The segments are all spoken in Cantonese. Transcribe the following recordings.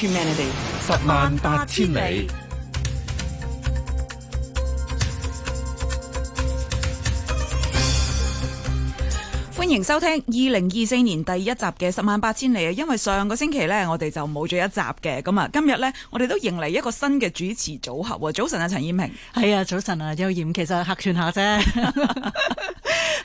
十萬八千里，歡迎收聽二零二四年第一集嘅《十萬八千里》啊！因為上個星期呢，我哋就冇咗一集嘅，咁啊，今日呢，我哋都迎嚟一個新嘅主持組合。早晨啊，陳燕平，係啊、哎，早晨啊，又賢，其實客串下啫。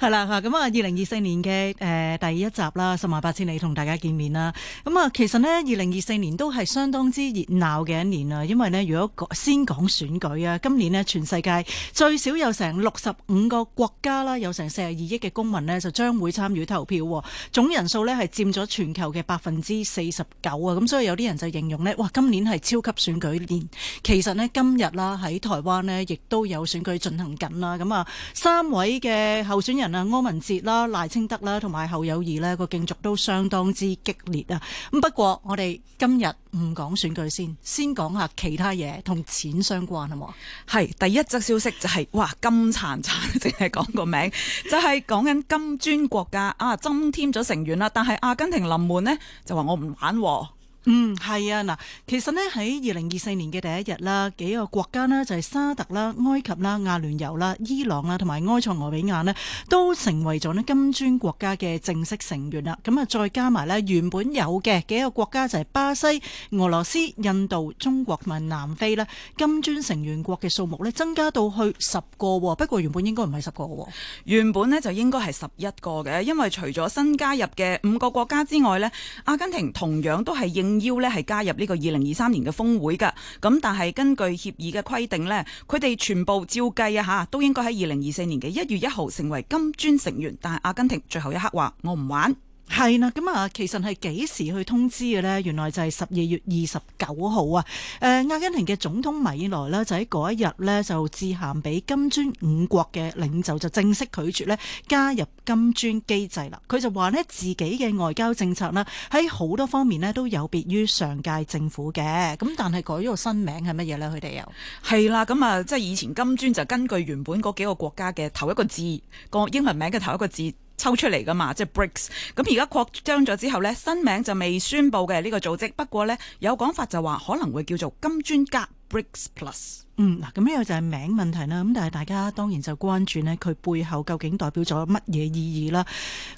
係啦，咁啊，二零二四年嘅誒第一集啦，《十萬八千里》同大家見面啦。咁啊，其實呢，二零二四年都係相當之熱鬧嘅一年啊。因為呢，如果先講選舉啊，今年呢，全世界最少有成六十五個國家啦，有成四十二億嘅公民呢，就將會參與投票，總人數呢，係佔咗全球嘅百分之四十九啊。咁所以有啲人就形容呢：「哇，今年係超級選舉年。」其實呢，今日啦，喺台灣呢，亦都有選舉進行緊啦。咁啊，三位嘅候選人。嗱，柯文哲啦、賴清德啦，同埋侯友宜呢個競逐都相當之激烈啊！咁不過我哋今日唔講選舉先，先講下其他嘢，同錢相關啊嘛。係第一則消息就係、是，哇金燦燦，淨係講個名， 就係講緊金磚國家啊，增添咗成員啦。但係阿根廷臨門呢，就話我唔玩、哦。嗯，係啊，嗱，其實咧喺二零二四年嘅第一日啦，幾個國家咧就係、是、沙特啦、埃及啦、阿聯酋啦、伊朗啊同埋埃塞俄比亞咧，都成為咗咧金磚國家嘅正式成員啦。咁啊，再加埋咧原本有嘅幾個國家就係、是、巴西、俄羅斯、印度、中國同埋南非呢，金磚成員國嘅數目咧增加到去十個。不過原本應該唔係十個嘅，原本咧就應該係十一個嘅，因為除咗新加入嘅五個國家之外咧，阿根廷同樣都係應。要咧係加入呢個二零二三年嘅峰會噶，咁但係根據協議嘅規定，呢佢哋全部照計啊吓都應該喺二零二四年嘅一月一號成為金磚成員，但係阿根廷最後一刻話我唔玩。係啦，咁啊，其實係幾時去通知嘅呢？原來就係十二月二十九號啊！誒，阿根廷嘅總統米萊呢，就喺嗰一日呢，就致函俾金磚五國嘅領袖，就正式拒絕呢加入金磚機制啦。佢就話呢，自己嘅外交政策呢，喺好多方面呢，都有別於上屆政府嘅。咁但係改咗個新名係乜嘢呢？佢哋又係啦，咁啊，即係以前金磚就根據原本嗰幾個國家嘅頭一個字，個英文名嘅頭一個字。抽出嚟㗎嘛，即係 Bricks。咁而家擴張咗之後呢，新名就未宣佈嘅呢個組織。不過呢，有講法就話可能會叫做金磚加 Bricks Plus。嗯，嗱，咁呢個就係名問題啦，咁但係大家當然就關注呢，佢背後究竟代表咗乜嘢意義啦？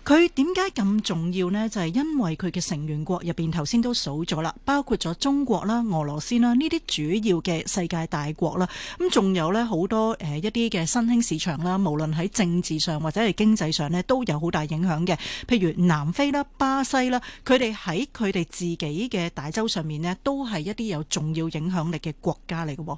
佢點解咁重要呢？就係因為佢嘅成員國入邊，頭先都數咗啦，包括咗中國啦、俄羅斯啦呢啲主要嘅世界大國啦，咁仲有呢好多誒一啲嘅新興市場啦，無論喺政治上或者係經濟上呢，都有好大影響嘅。譬如南非啦、巴西啦，佢哋喺佢哋自己嘅大洲上面呢，都係一啲有重要影響力嘅國家嚟嘅。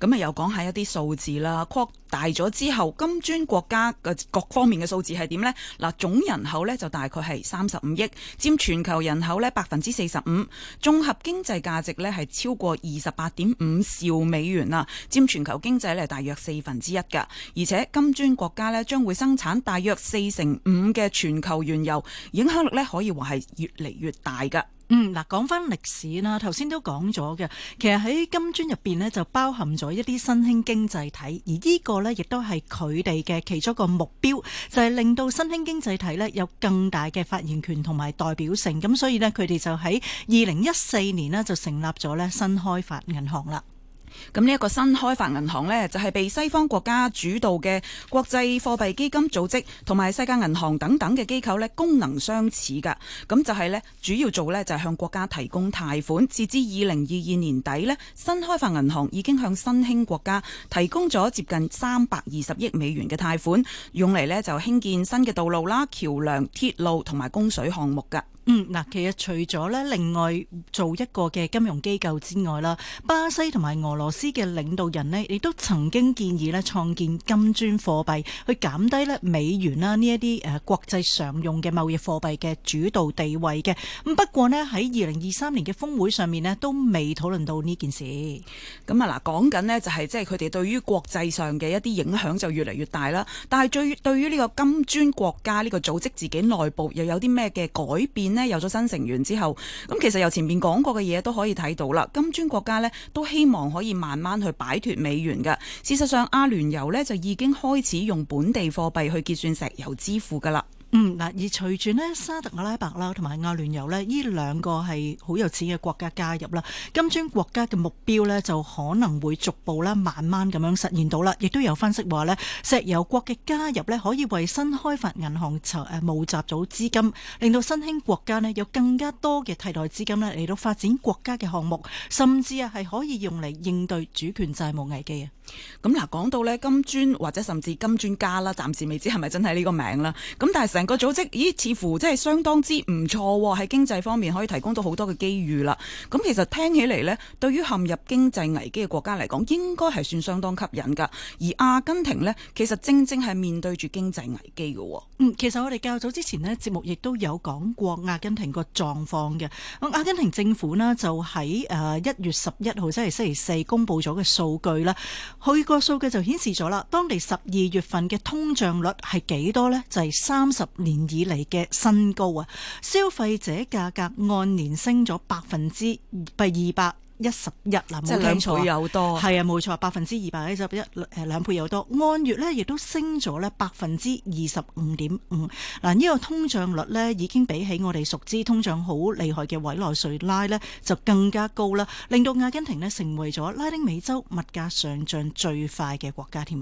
咁啊，又講下一啲數字啦。擴大咗之後，金磚國家嘅各方面嘅數字係點呢？嗱，總人口咧就大概係三十五億，佔全球人口咧百分之四十五。綜合經濟價值咧係超過二十八點五兆美元啊，佔全球經濟咧大約四分之一㗎。而且金磚國家咧將會生產大約四成五嘅全球原油，影響力咧可以話係越嚟越大㗎。嗯，嗱，講翻歷史啦，頭先都講咗嘅，其實喺金磚入邊呢，就包含咗一啲新興經濟體，而呢個呢，亦都係佢哋嘅其中一個目標，就係令到新興經濟體呢，有更大嘅發言權同埋代表性，咁所以呢，佢哋就喺二零一四年呢，就成立咗呢新開發銀行啦。咁呢一個新開發銀行呢，就係被西方國家主導嘅國際貨幣基金組織同埋世界銀行等等嘅機構呢，功能相似噶。咁就係呢，主要做呢就係向國家提供貸款。截至二零二二年底呢，新開發銀行已經向新興國家提供咗接近三百二十億美元嘅貸款，用嚟呢就興建新嘅道路啦、橋樑、鐵路同埋供水項目噶。嗯，嗱，其實除咗咧，另外做一個嘅金融機構之外啦，巴西同埋俄羅斯嘅領導人咧，亦都曾經建議咧創建金磚貨幣去減低咧美元啦呢一啲誒國際常用嘅貿易貨幣嘅主導地位嘅。咁不過咧，喺二零二三年嘅峰會上面咧，都未討論到呢件事。咁，啊嗱，講緊咧就係即係佢哋對於國際上嘅一啲影響就越嚟越大啦。但係最對於呢個金磚國家呢個組織自己內部又有啲咩嘅改變？呢有咗新成員之後，咁其實由前面講過嘅嘢都可以睇到啦。金磚國家呢都希望可以慢慢去擺脫美元嘅。事實上，阿聯酋呢就已經開始用本地貨幣去結算石油支付噶啦。嗯，嗱，而隨住呢沙特阿拉伯啦，同埋阿聯酋呢依兩個係好有錢嘅國家加入啦，金磚國家嘅目標呢就可能會逐步啦，慢慢咁樣實現到啦。亦都有分析話呢石油國嘅加入呢可以為新開發銀行籌募集到資金，令到新興國家呢有更加多嘅替代資金呢嚟到發展國家嘅項目，甚至啊係可以用嚟應對主權債務危機啊！咁嗱，講到呢金磚或者甚至金磚家，啦，暫時未知係咪真係呢個名啦。咁但係成個組織，咦，似乎即係相當之唔錯喎，喺經濟方面可以提供到好多嘅機遇啦。咁其實聽起嚟呢對於陷入經濟危機嘅國家嚟講，應該係算相當吸引噶。而阿根廷呢，其實正正係面對住經濟危機嘅。嗯，其實我哋較早之前呢，節目亦都有講過阿根廷個狀況嘅。咁阿根廷政府呢，就喺誒一月十一號即係星期四公布咗嘅數據啦。去個數據就顯示咗啦，當地十二月份嘅通脹率係幾多呢？就係三十年以嚟嘅新高啊！消費者價格按年升咗百分之二百。一十一嗱，11，即兩倍有多？啊，冇錯，百分之二百一十一，誒兩倍又多。按月呢亦都升咗呢百分之二十五點五。嗱，呢、呢個通脹率呢已經比起我哋熟知通脹好厲害嘅委內瑞拉呢就更加高啦，令到阿根廷呢成為咗拉丁美洲物價上漲最快嘅國家添。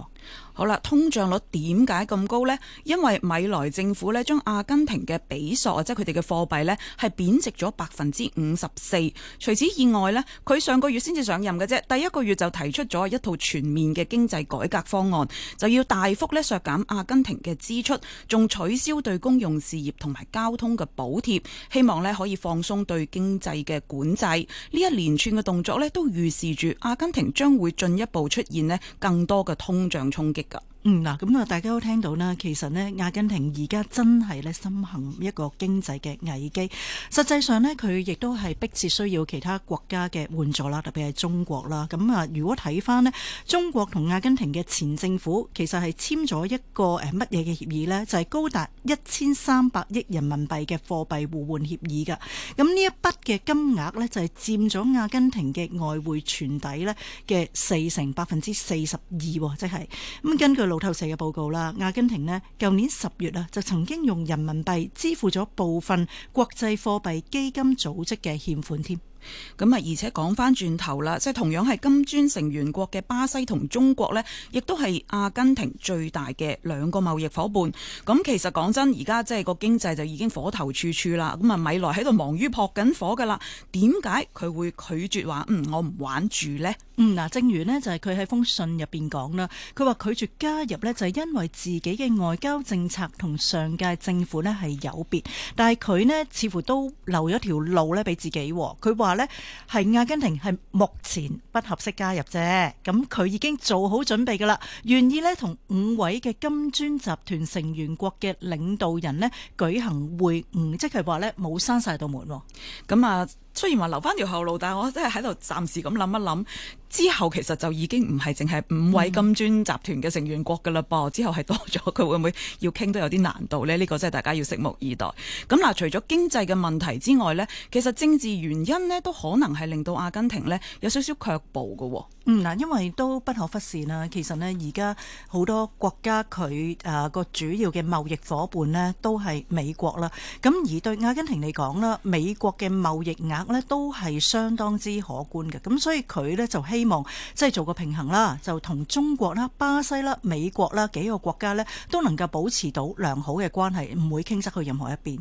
好啦，通脹率點解咁高呢？因為米萊政府呢將阿根廷嘅比索，即係佢哋嘅貨幣呢，係貶值咗百分之五十四。除此以外呢。佢上個月先至上任嘅啫，第一個月就提出咗一套全面嘅經濟改革方案，就要大幅咧削減阿根廷嘅支出，仲取消對公用事業同埋交通嘅補貼，希望咧可以放鬆對經濟嘅管制。呢一連串嘅動作咧都預示住阿根廷將會進一步出現呢更多嘅通脹衝擊㗎。嗯嗱，咁啊，大家都聽到啦，其實呢阿根廷而家真係咧深陷一個經濟嘅危機。實際上呢佢亦都係迫切需要其他國家嘅援助啦，特別係中國啦。咁啊，如果睇翻呢中國同阿根廷嘅前政府其實係簽咗一個誒乜嘢嘅協議呢？就係高達一千三百億人民幣嘅貨幣互換協議㗎。咁呢一筆嘅金額呢，就係佔咗阿根廷嘅外匯存底呢嘅四成百分之四十二，即係咁根據透社嘅報告啦，阿根廷呢舊年十月啊，就曾經用人民幣支付咗部分國際貨幣基金組織嘅欠款添。咁啊，而且講翻轉頭啦，即係同樣係金磚成員國嘅巴西同中國呢，亦都係阿根廷最大嘅兩個貿易伙伴。咁其實講真，而家即係個經濟就已經火頭處處啦。咁啊，米萊喺度忙於撲緊火㗎啦。點解佢會拒絕話嗯我唔玩住呢？嗯嗱，正如呢，就係佢喺封信入面講啦，佢話拒絕加入呢，就係因為自己嘅外交政策同上屆政府呢係有別，但係佢呢，似乎都留咗條路呢俾自己。佢話。咧，係阿根廷係目前不合適加入啫，咁佢已經做好準備噶啦，願意咧同五位嘅金磚集團成員國嘅領導人呢舉行會晤，即係話咧冇閂晒道門，咁啊。雖然話留翻條後路，但係我真係喺度暫時咁諗一諗，之後其實就已經唔係淨係五位金磚集團嘅成員國噶啦噃，嗯、之後係多咗，佢會唔會要傾都有啲難度呢？呢、呢個真係大家要拭目以待。咁嗱，除咗經濟嘅問題之外呢，其實政治原因呢都可能係令到阿根廷呢有少少卻步嘅。嗯，嗱，因為都不可忽視啦，其實呢，而家好多國家佢誒個主要嘅貿易伙伴呢都係美國啦，咁而對阿根廷嚟講啦，美國嘅貿易額呢都係相當之可觀嘅，咁所以佢呢，就希望即係、就是、做個平衡啦，就同中國啦、巴西啦、美國啦幾個國家呢，都能夠保持到良好嘅關係，唔會傾側去任何一邊。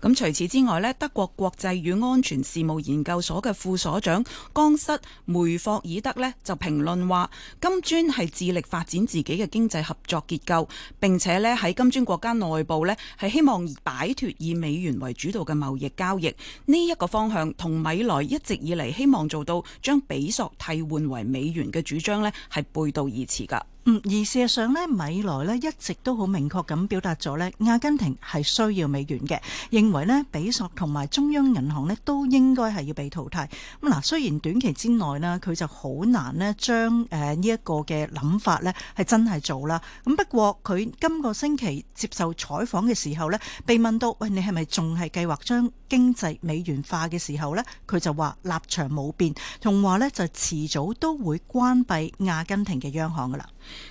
咁除此之外呢，德國國際與安全事務研究所嘅副所長江失梅霍爾德呢，就評論話，金磚係致力發展自己嘅經濟合作結構，並且呢喺金磚國家內部呢，係希望擺脫以美元為主導嘅貿易交易呢一、這個方向。同米萊一直以嚟希望做到將比索替換為美元嘅主張呢，係背道而馳噶。嗯，而事實上呢，米萊呢一直都好明確咁表達咗呢，阿根廷係需要美元嘅，認為呢比索同埋中央銀行呢都應該係要被淘汰。咁嗱，雖然短期之內呢佢就好難呢將誒呢一個嘅諗法呢係真係做啦。咁不過佢今個星期接受採訪嘅時候呢被問到喂，你係咪仲係計劃將經濟美元化嘅時候呢佢就話立場冇變，同話呢就遲早都會關閉阿根廷嘅央行噶啦。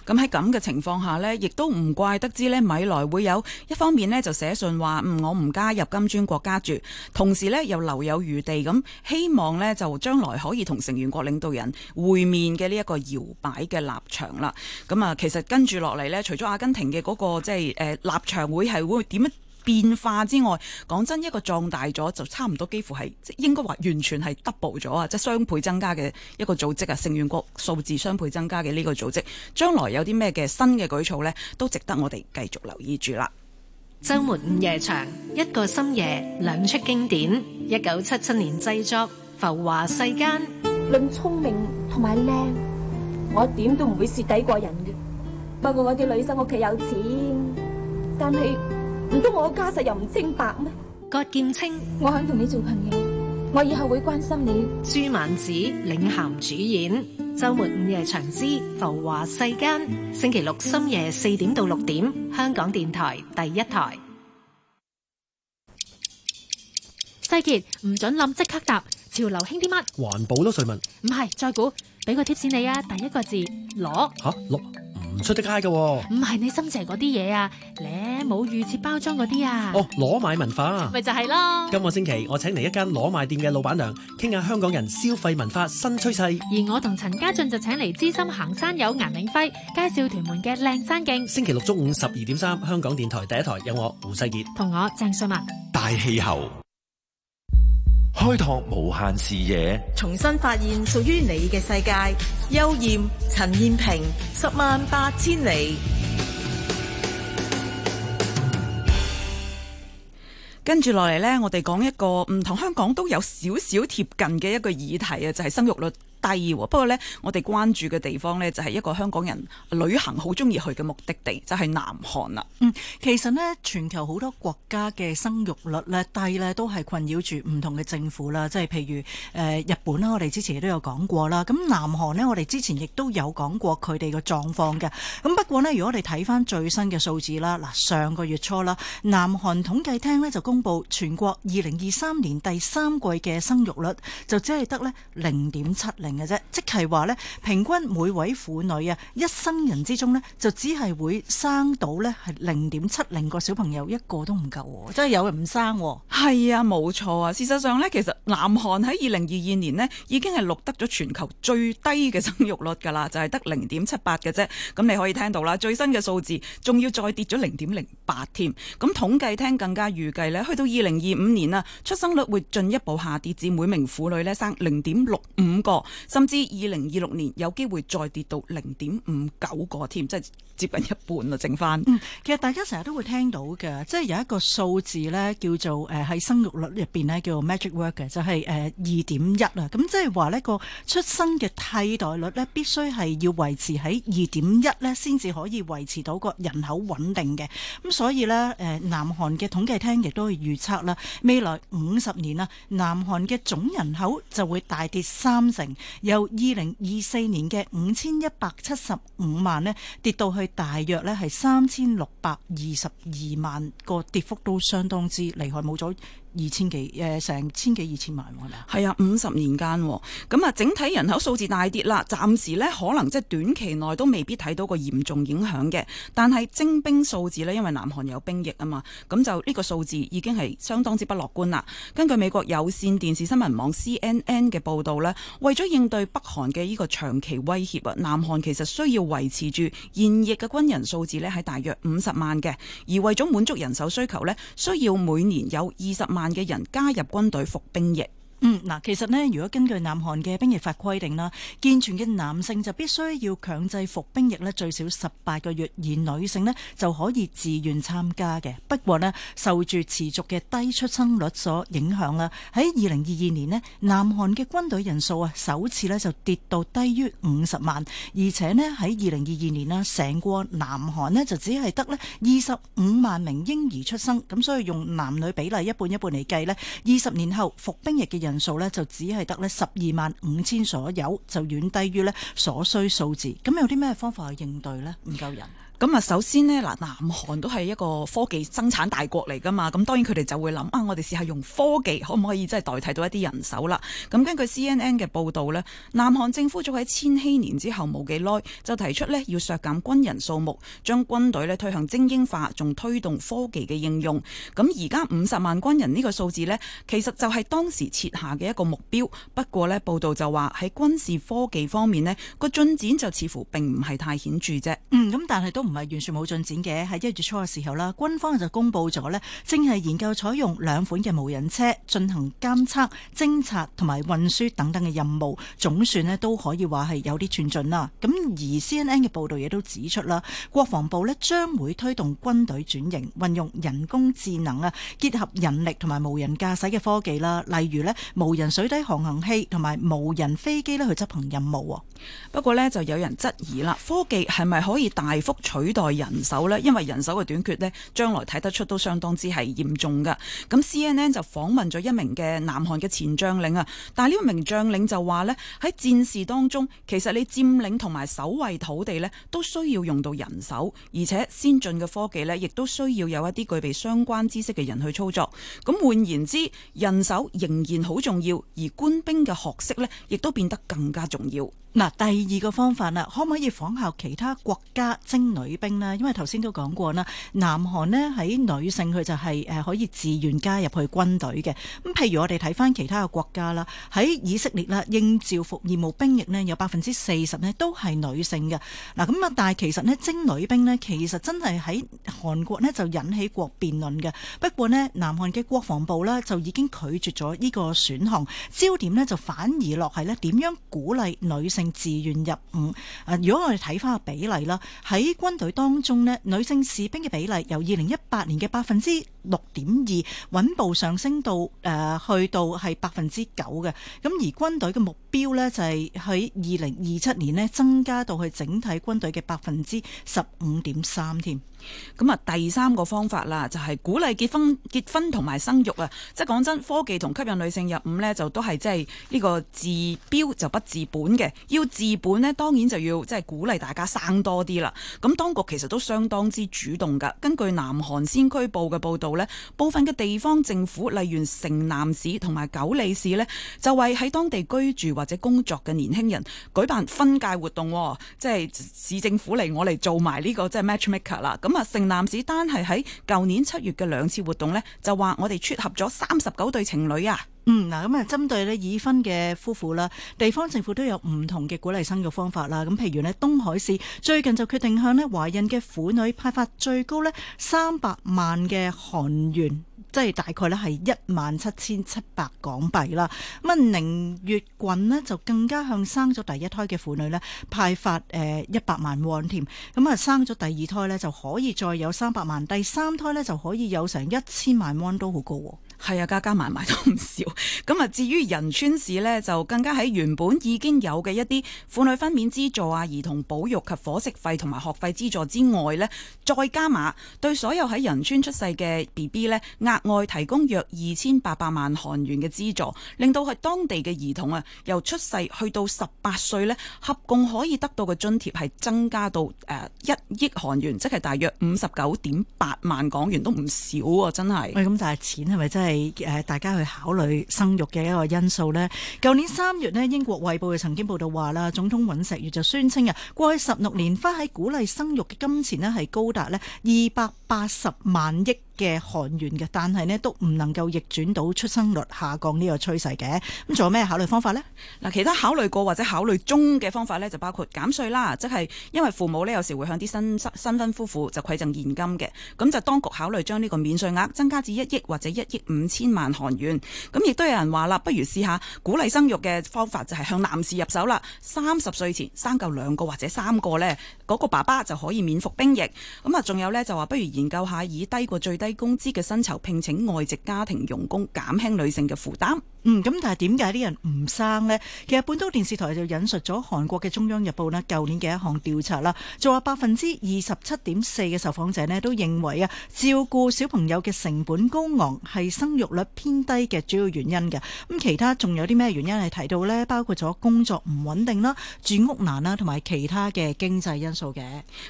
咁喺咁嘅情況下呢，亦都唔怪得知呢。米萊會有一方面呢，就寫信話唔、嗯、我唔加入金磚國家住，同時呢又留有餘地咁，希望呢，就將來可以同成員國領導人會面嘅呢一個搖擺嘅立場啦。咁啊，其實跟住落嚟呢，除咗阿根廷嘅嗰、嗰個即係、即係呃、立場會係會點樣變化之外，講真，一個壯大咗就差唔多，幾乎係即係應該話完全係 double 咗啊！即係雙倍增加嘅一個組織啊，成員國數字雙倍增加嘅呢個組織，將來有啲咩嘅新嘅舉措呢？都值得我哋繼續留意住啦。周末午夜場，一個深夜兩出經典，一九七七年製作《浮華世間》。論聰明同埋靚，我點都唔會蝕底過人嘅。不過我啲女生屋企有錢，但係。唔通我家世又唔清白咩？郭建清，我肯同你做朋友，我以後會關心你。朱曼子領銜主演，周末午夜長枝《浮華世間》，星期六深夜四點到六點，香港電台第一台。西杰，唔准諗，即刻答。潮流興啲乜？環保咯，瑞文。唔係，再估，俾個貼士你啊！第一個字，攞。吓，六。出得街嘅，唔係你心邪嗰啲嘢啊，你冇預設包裝嗰啲啊，哦，裸買文化，咪就係咯。今個星期我請嚟一間裸買店嘅老闆娘，傾下香港人消費文化新趨勢。而我同陳家俊就請嚟資深行山友顏永輝，介紹屯門嘅靚山徑。星期六中午十二點三，香港電台第一台有我胡世杰，同我鄭瑞文，大氣候。開拓無限視野，重新發現屬於你嘅世界。邱艷、陳燕平，十萬八千里。跟住落嚟呢，我哋講一個唔同香港都有少少貼近嘅一個議題啊，就係生育率。第二，不過呢，我哋關注嘅地方呢，就係一個香港人旅行好中意去嘅目的地，就係南韓啦。嗯，其實呢，全球好多國家嘅生育率咧低呢，都係困擾住唔同嘅政府啦。即係譬如，呃，日本啦，我哋之前都有講過啦。咁南韓呢，我哋之前亦都有講過佢哋嘅狀況嘅。咁不過呢，如果我哋睇翻最新嘅數字啦，嗱上個月初啦，南韓統計廳呢就公布全國二零二三年第三季嘅生育率就只係得呢零點七零，嘅啫，即係話咧，平均每位婦女啊，一生人之中呢，就只係會生到呢係零點七零個小朋友，一個都唔夠喎。真係有人唔生喎。係啊，冇錯啊。事實上呢，其實南韓喺二零二二年呢已經係錄得咗全球最低嘅生育率㗎啦，就係得零點七八嘅啫。咁你可以聽到啦，最新嘅數字仲要再跌咗零點零八添。咁統計廳更加預計呢，去到二零二五年啊，出生率會進一步下跌至每名婦女呢生零點六五個。甚至二零二六年有機會再跌到零點五九個添，即係接近一半啦，剩翻、嗯。其實大家成日都會聽到嘅，即係有一個數字呢叫做誒喺、呃、生育率入邊呢，叫做 magic worker 就係誒二點一啦。咁、呃、即係話呢個出生嘅替代率呢，必須係要維持喺二點一呢先至可以維持到個人口穩定嘅。咁所以呢，誒、呃、南韓嘅統計廳亦都會預測啦，未來五十年啊，南韓嘅總人口就會大跌三成。由二零二四年嘅五千一百七十五萬呢，跌到去大約呢係三千六百二十二萬個，跌幅都相當之厲害，冇咗。二千幾誒、呃、成千幾二千萬喎，係咪啊？係啊，五十年間、哦，咁、嗯、啊，整體人口數字大跌啦。暫時呢，可能即係短期內都未必睇到個嚴重影響嘅。但係徵兵數字呢，因為南韓有兵役啊嘛，咁就呢個數字已經係相當之不樂觀啦。根據美國有線電視新聞網 C N N 嘅報導呢，為咗應對北韓嘅呢個長期威脅啊，南韓其實需要維持住現役嘅軍人數字呢係大約五十萬嘅。而為咗滿足人手需求呢，需要每年有二十萬萬嘅人加入軍隊服兵役。嗯嗱，其實咧，如果根據南韓嘅兵役法規定啦，健全嘅男性就必須要強制服兵役咧，最少十八個月；而女性咧就可以自願參加嘅。不過咧，受住持續嘅低出生率所影響啦，喺二零二二年咧，南韓嘅軍隊人數啊，首次咧就跌到低於五十萬，而且咧喺二零二二年啦，成個南韓咧就只係得咧二十五萬名嬰兒出生，咁所以用男女比例一半一半嚟計咧，二十年後服兵役嘅人。人數咧就只係得咧十二萬五千，所有就遠低於咧所需數字。咁有啲咩方法去應對呢？唔夠人。咁啊，首先呢，嗱，南韓都係一個科技生產大國嚟噶嘛，咁當然佢哋就會諗啊，我哋試下用科技可唔可以真係代替到一啲人手啦。咁根據 CNN 嘅報道呢，南韓政府早喺千禧年之後冇幾耐就提出呢，要削減軍人數目，將軍隊呢推向精英化，仲推動科技嘅應用。咁而家五十萬軍人呢個數字呢，其實就係當時設下嘅一個目標。不過呢，報道就話喺軍事科技方面呢個進展就似乎並唔係太顯著啫。嗯，咁但係都。唔係完全冇進展嘅，喺一月初嘅時候啦，軍方就公布咗呢，正係研究採用兩款嘅無人車進行監測、偵察同埋運輸等等嘅任務，總算呢都可以話係有啲寸進啦。咁而 C N N 嘅報導亦都指出啦，國防部呢將會推動軍隊轉型，運用人工智能啊，結合人力同埋無人駕駛嘅科技啦，例如呢無人水底航行器同埋無人飛機呢去執行任務。不過呢，就有人質疑啦，科技係咪可以大幅取取代人手呢，因為人手嘅短缺呢，將來睇得出都相當之係嚴重噶。咁 CNN 就訪問咗一名嘅南韓嘅前將領啊，但係呢一名將領就話呢，喺戰事當中，其實你佔領同埋守衛土地呢，都需要用到人手，而且先進嘅科技呢，亦都需要有一啲具備相關知識嘅人去操作。咁換言之，人手仍然好重要，而官兵嘅學識呢，亦都變得更加重要。嗱，第二個方法啦，可唔可以仿效其他國家徵女。女兵啦，因為頭先都講過啦，南韓咧，喺女性佢就係誒可以自願加入去軍隊嘅。咁譬如我哋睇翻其他嘅國家啦，喺以色列啦應召服義務兵役咧，有百分之四十咧都係女性嘅。嗱，咁啊，但係其實咧徵女兵咧其實真係喺韓國咧就引起過辯論嘅。不過咧南韓嘅國防部咧就已經拒絕咗呢個選項，焦點咧就反而落係咧點樣鼓勵女性自願入伍。啊，如果我哋睇翻個比例啦，喺軍隊當中呢，女性士兵嘅比例由二零一八年嘅百分之六點二穩步上升到誒、呃，去到係百分之九嘅。咁而軍隊嘅目標呢，就係喺二零二七年呢增加到去整體軍隊嘅百分之十五點三添。咁啊，第三個方法啦，就係、是、鼓勵結婚、結婚同埋生育啊。即係講真，科技同吸引女性入伍呢，就都係即係呢個治標就不治本嘅。要治本呢，當然就要即係鼓勵大家生多啲啦。咁當局其實都相當之主動噶。根據南韓先驅報嘅報道呢，部分嘅地方政府，例如城南市同埋九里市呢，就為喺當地居住或者工作嘅年輕人舉辦婚介活動，即係市政府嚟我嚟做埋、這、呢個即係 matchmaker 啦。咁啊，成男子單係喺舊年七月嘅兩次活動呢，就話我哋撮合咗三十九對情侶啊。嗯，嗱，咁啊，針對呢已婚嘅夫婦啦，地方政府都有唔同嘅鼓勵生育方法啦。咁譬如呢，東海市最近就決定向呢懷孕嘅婦女派發最高呢三百萬嘅韓元，即係大概咧，係一萬七千七百港幣啦。咁啊，寧越郡呢，就更加向生咗第一胎嘅婦女呢派發誒一百萬蚊添。咁啊，生咗第二胎呢，就可以再有三百萬，第三胎呢，就可以有成一千萬蚊都好高喎。係啊，加加埋埋都唔少。咁啊，至於仁川市呢，就更加喺原本已經有嘅一啲婦女分娩資助啊、兒童保育及伙食費同埋學費資助之外呢，再加碼對所有喺仁川出世嘅 B B 呢，額外提供約二千八百萬韓元嘅資助，令到係當地嘅兒童啊，由出世去到十八歲呢，合共可以得到嘅津貼係增加到誒一億韓元，即係大約五十九點八萬港元，都唔少啊。真係。喂，咁大錢係咪真係？係誒，大家去考慮生育嘅一個因素呢，舊年三月呢，英國衛報曾經報道話啦，總統尹錫悅就宣稱啊，過去十六年花喺鼓勵生育嘅金錢呢係高達呢二百八十萬億。嘅韓元嘅，但係呢都唔能夠逆轉到出生率下降呢個趨勢嘅。咁仲有咩考慮方法呢？嗱，其他考慮過或者考慮中嘅方法呢，就包括減稅啦，即係因為父母呢有時會向啲新新婚夫婦就饋贈現金嘅，咁就當局考慮將呢個免稅額增加至一億或者一億五千萬韓元。咁亦都有人話啦，不如試下鼓勵生育嘅方法，就係向男士入手啦。三十歲前生夠兩個或者三個呢，嗰個爸爸就可以免服兵役。咁啊，仲有呢，就話不如研究下以低過最低低工資嘅薪酬，聘請外籍家庭傭工，減輕女性嘅負擔。嗯，咁但係點解啲人唔生呢？其實本都電視台就引述咗韓國嘅中央日報啦，舊年嘅一項調查啦，就話百分之二十七點四嘅受訪者呢，都認為啊，照顧小朋友嘅成本高昂係生育率偏低嘅主要原因嘅。咁、嗯、其他仲有啲咩原因係提到呢？包括咗工作唔穩定啦、住屋難啦，同埋其他嘅經濟因素嘅。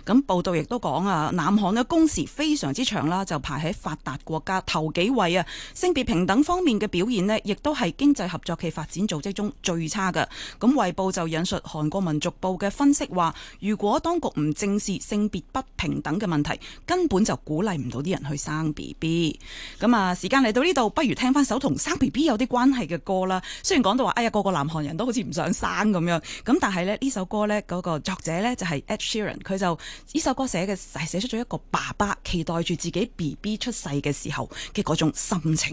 咁報道亦都講啊，南韓嘅工時非常之長啦，就排喺發達國家頭幾位啊。性別平等方面嘅表現呢，亦都，係經濟合作暨發展組織中最差㗎。咁衛報就引述韓國民族報嘅分析話，如果當局唔正視性別不平等嘅問題，根本就鼓勵唔到啲人去生 B B。咁啊，時間嚟到呢度，不如聽返首同生 B B 有啲關係嘅歌啦。雖然講到話，哎呀，個個南韓人都好似唔想生咁樣。咁但係咧，呢首歌呢，嗰個作者呢，就係 Ed Sheeran，佢就呢首歌寫嘅係寫出咗一個爸爸期待住自己 B B 出世嘅時候嘅嗰種心情。